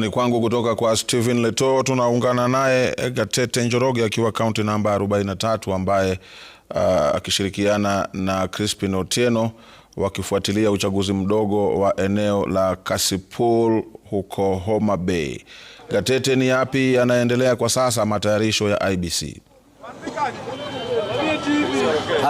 Ni kwangu kutoka kwa Stephen Leto, tunaungana naye Gatete Njoroge akiwa kaunti namba 43 ambaye uh, akishirikiana na Crispin Otieno wakifuatilia uchaguzi mdogo wa eneo la Kasipul huko Homa Bay. Gatete, ni yapi yanaendelea kwa sasa matayarisho ya IBC?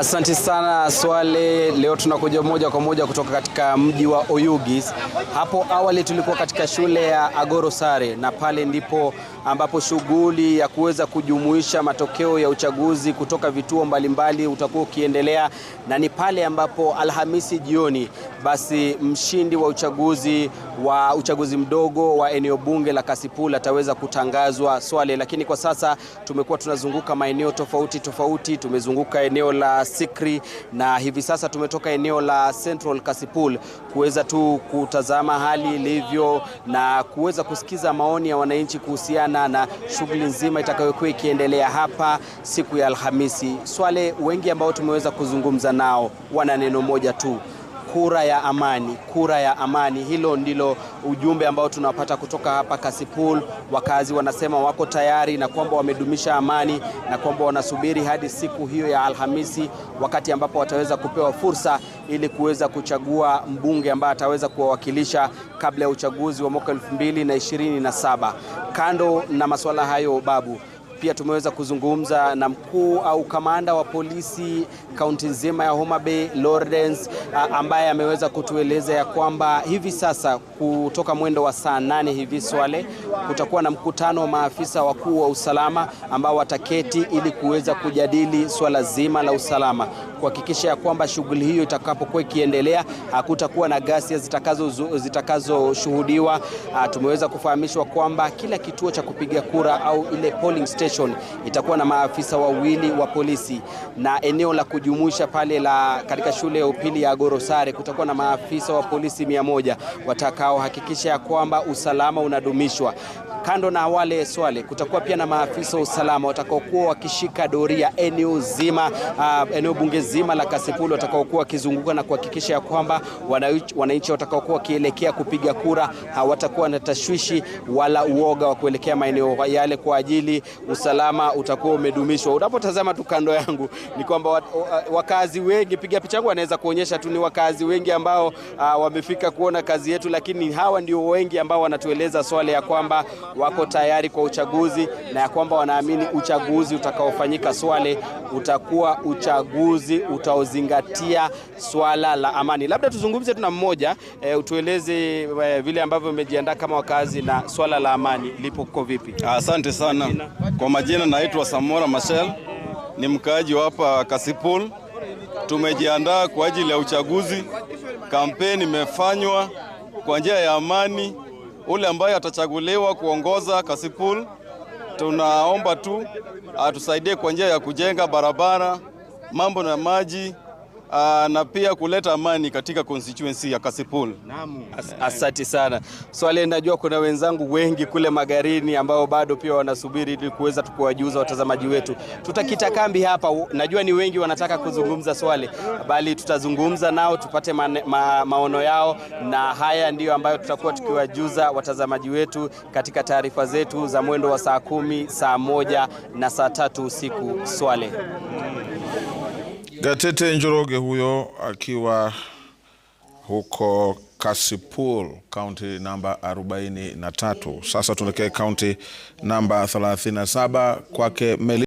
Asante sana Swale. Leo tunakuja moja kwa moja kutoka katika mji wa Oyugis. Hapo awali tulikuwa katika shule ya Agoro Sare na pale ndipo ambapo shughuli ya kuweza kujumuisha matokeo ya uchaguzi kutoka vituo mbalimbali utakuwa ukiendelea, na ni pale ambapo Alhamisi jioni basi mshindi wa uchaguzi wa uchaguzi mdogo wa eneo bunge la Kasipul ataweza kutangazwa Swale. Lakini kwa sasa tumekuwa tunazunguka maeneo tofauti tofauti, tumezunguka eneo la Sikri na hivi sasa tumetoka eneo la Central Kasipul kuweza tu kutazama hali ilivyo na kuweza kusikiza maoni ya wananchi kuhusiana kuhusiana na shughuli nzima itakayokuwa ikiendelea hapa siku ya Alhamisi. Swale, wengi ambao tumeweza kuzungumza nao wana neno moja tu, kura ya amani, kura ya amani. Hilo ndilo ujumbe ambao tunapata kutoka hapa Kasipul. Wakazi wanasema wako tayari na kwamba wamedumisha amani na kwamba wanasubiri hadi siku hiyo ya Alhamisi, wakati ambapo wataweza kupewa fursa ili kuweza kuchagua mbunge ambaye ataweza kuwawakilisha kabla ya uchaguzi wa mwaka 2027. Kando na masuala hayo, Babu pia tumeweza kuzungumza na mkuu au kamanda wa polisi kaunti nzima ya Homa Bay Lawrence, ambaye ameweza kutueleza ya kwamba hivi sasa kutoka mwendo wa saa nane hivi Swale kutakuwa na mkutano wa maafisa wakuu wa usalama ambao wataketi ili kuweza kujadili swala zima la usalama kuhakikisha ya kwamba shughuli hiyo itakapokuwa ikiendelea hakutakuwa na ghasia zitakazoshuhudiwa. Zitakazo ah, tumeweza kufahamishwa kwamba kila kituo cha kupiga kura au ile polling station itakuwa na maafisa wawili wa polisi, na eneo la kujumuisha pale la katika shule ya upili ya Gorosare kutakuwa na maafisa wa polisi mia moja watakaohakikisha ya kwamba usalama unadumishwa. Kando na wale Swale, kutakuwa pia na maafisa wa usalama watakaokuwa wakishika doria eneo zima, uh, eneo bunge zima la Kasipul, watakaokuwa wakizunguka na kuhakikisha ya kwamba wananchi watakaokuwa wakielekea kupiga kura hawatakuwa na tashwishi wala uoga wa kuelekea maeneo yale, kwa ajili usalama utakuwa umedumishwa. Unapotazama tu kando yangu ni kwamba wakazi wengi, piga picha yangu anaweza kuonyesha tu, ni wakazi wengi ambao uh, wamefika kuona kazi yetu, lakini hawa ndio wengi ambao wanatueleza Swale ya kwamba wako tayari kwa uchaguzi na ya kwamba wanaamini uchaguzi utakaofanyika Swale utakuwa uchaguzi utaozingatia swala la amani. Labda tuzungumze tu na mmoja e, utueleze e, vile ambavyo umejiandaa kama wakazi na swala la amani lipo uko vipi? Asante sana. Kwa majina naitwa Samora Machel, ni mkaaji wa hapa Kasipul. Tumejiandaa kwa ajili ya uchaguzi. Kampeni imefanywa kwa njia ya amani ule ambaye atachaguliwa kuongoza Kasipul, tunaomba tu atusaidie kwa njia ya kujenga barabara, mambo na maji Uh, na pia kuleta amani katika constituency ya Kasipul. As, asante sana. Swali so, najua kuna wenzangu wengi kule magarini ambao bado pia wanasubiri ili kuweza tukuwajuza watazamaji wetu. Tutakita kambi hapa, najua ni wengi wanataka kuzungumza swali, bali tutazungumza nao tupate man, ma, maono yao, na haya ndiyo ambayo tutakuwa tukiwajuza watazamaji wetu katika taarifa zetu za mwendo wa saa kumi, saa moja na saa tatu usiku. Swale. Gatete Njoroge huyo akiwa huko Kasipul, kaunti namba 43. Sasa tuelekee kaunti namba 37 kwake Meli.